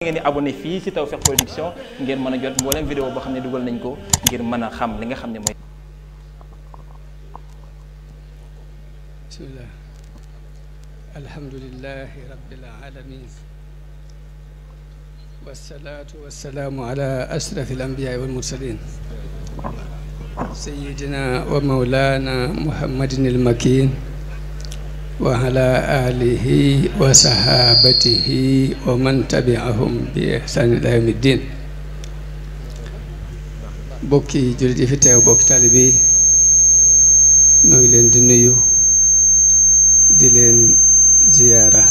ngeen di abonné fii ci Tawfekh Production ngeen mën a jot mboolem vidéo boo xam ne dugal nañ ko ngir mën a xam li nga xam ne mooy. bismillah alhamdulillahi rabbil alamin wassalaatu wassalaamu ala ashrafil anbiyaai wal mursalin sayyidina wa mawlaana muhammadin al makin wa ala alihi wa sahabatihi bi ihsaan ila yawmi diin bokki jullit yi fi teew bokki taalibe yi noo ngi leen di nuyu di leen ziyaara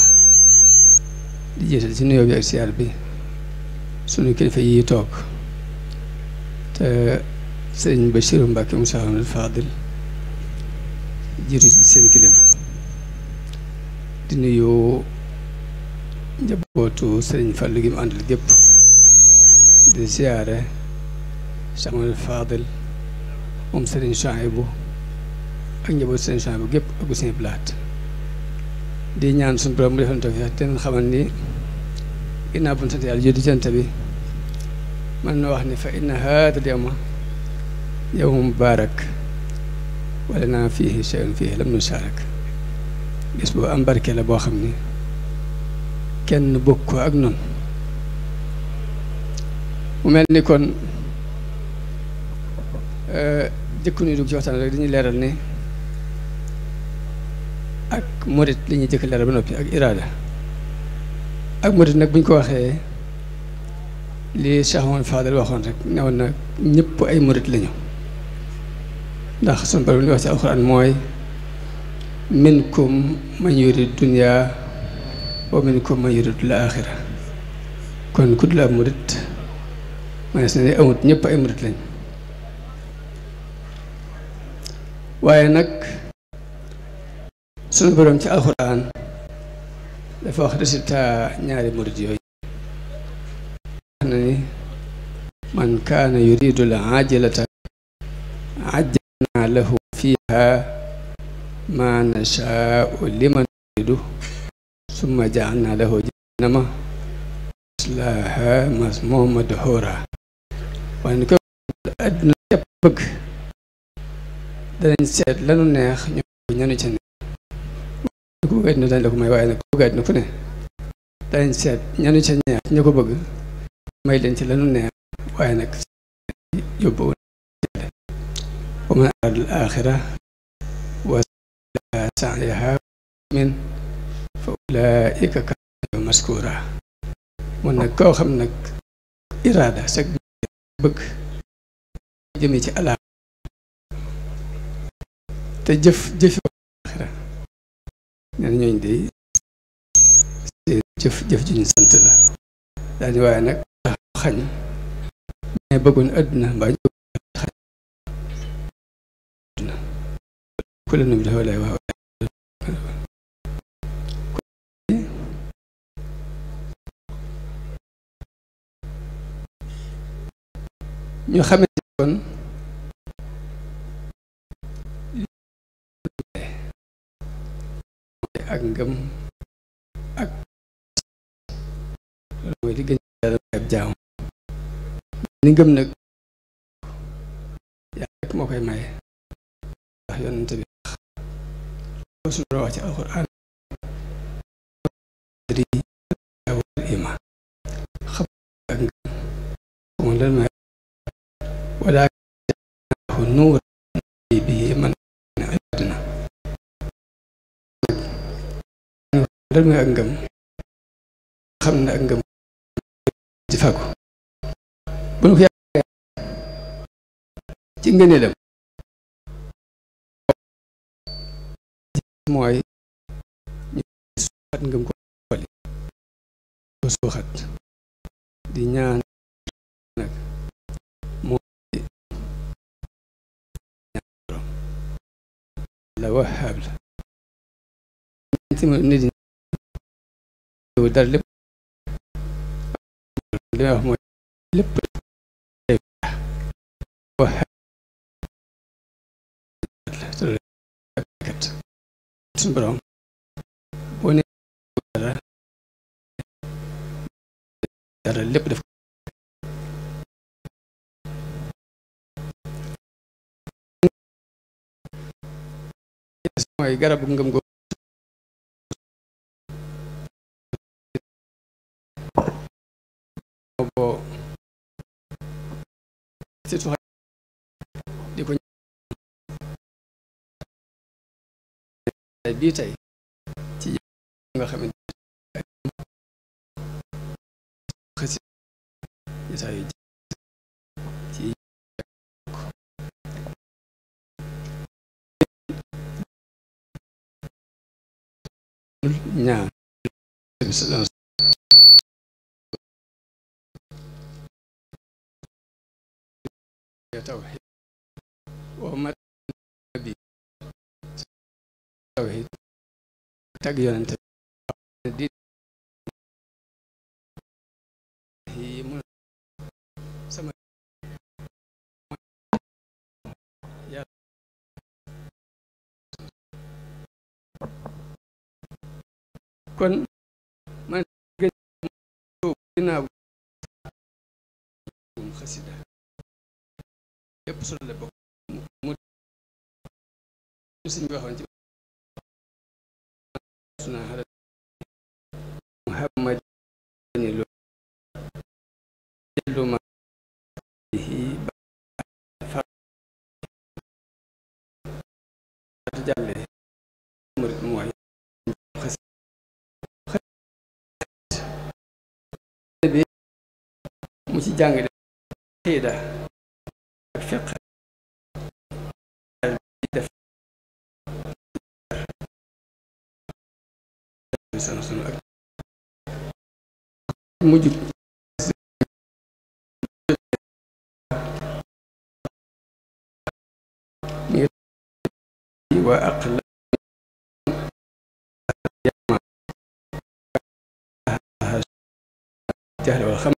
di jiital bi ak ziyaar bi sunu kilifa yi toog te sëriñ Bachiru Mbàkke mu saxanul Faadil jiitu ci seen di nuyu njabootu sëriñ fa gi mu àndal gépp di ziare Cheikh Amadou Fadel moom sëriñ Chouaïbou ak njabootu sëriñ Chouaïbou gépp ak bu sëriñ Blaat di ñaan suñu borom mu defal tawfiq te xamal ni ginnaaw bu ñu sant yàlla juddi jant bi mën na wax ni fa inna haadal yawma yawmu mubaarak wala naa fiihi shay'un fiihi lam nusaarak bis bu am barke la boo xam ni kenn bokk ko ak noonu mu mel ni kon euh, jëkku nuy dugg ci waxtaan rek dañuy leeral ni ak murit li ñuy jëkk leeral ba noppi ak iraada ak murit nag bu ñu ko waxee li Cheikh Mouhamed Fadel waxoon rek ne woon na ñëpp ay murit lañu ndax sun borom li wax ci alxuraan mooy minkum man yurid dunya wa minkum man yuridul aaxira kon ku dul murit ma si ne amut ñëpp ay murit lañ waaye nag sunu borom ci alxuraan dafa wax résultat ñaari murit yooyu wax na ni man kaana yuridu al aajilata ajjalnaa lahu fiiha maa nashaa'u liman nuriidu summa ja'alnaa lahu jahannama yaslaahaa mazmuuman madhuuraa waaye ni koy adduna yépp bëgg danañ seet lanu neex ñu ñanu ca ne ku la ko ne seet ñanu ca neex ñu ko bëgg may leen ci lanu neex waaye nag yóbbu wa man araada aaxira سعيها من فأولئك كانوا مشكورا mun nag koo xam nag iraada sag bëgg jëme ci alaam te jëf jëfi aaxira nee ñooñ de seen jëf jëf ju ñu sant la waaye nag xañ mais bëggoon àdduna mbaa ñu xañ ku la nu mu dafa wax ñu xame kon ak ngëm ak loolu mooy li gën yàlla ab jaam ni ngëm nag yàlla rek moo koy maye ndax yonente bi wax su wax ci alxuraan xam ak ngëm wala nuur bi man àddina lan mooy ak ngëm xam ne ak ngëm ci fàggu bu ñu ko yàgg ci ngëneelam mooy ñu suuxat ngëm ko xooli suuxat di ñaan la wahaab la nit ñi dara lépp li may wax mooy lépp suñu borom boo nee dara dara lépp def mooy garabu ngëm googu di ko bii tey ci nga xamante ñaar tawxiid wa mat nabi tawxiid tag yonente di kon man ginnaaw xasida yépp solo la bokk mu suñ waxoon ci suna xala muhammad ni lu lu ma bihi ba fa jàllee mu ci jàng de xiida ak fiq def mujj wa aqla jahl wal xam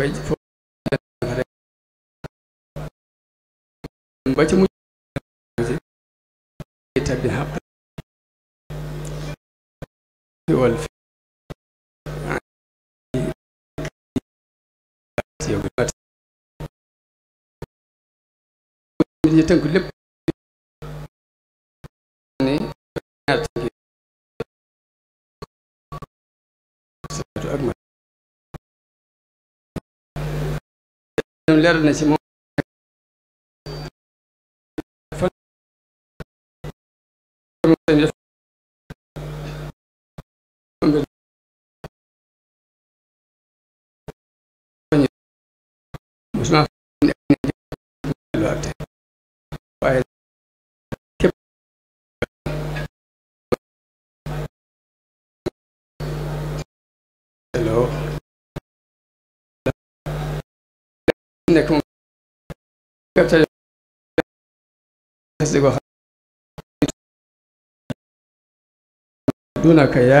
koy ba ci mujj bi xaq wal fi tënk lépp leer na ci moom nekk moom captal xasida goo xam dunaka ya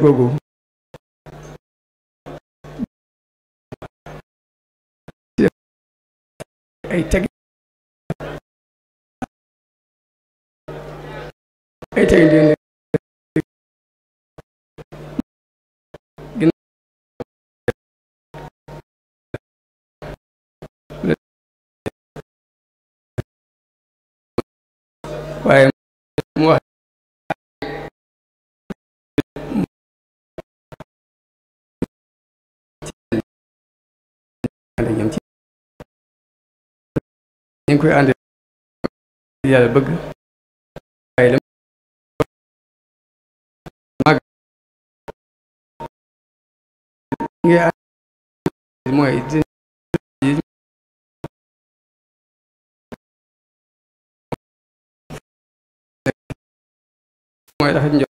googu ay teg ay teg di ne waaye ànd ak ñoom ci ñu ngi koy ànd yàlla bëgg waaye la mag ngi ànd mooy mooy tax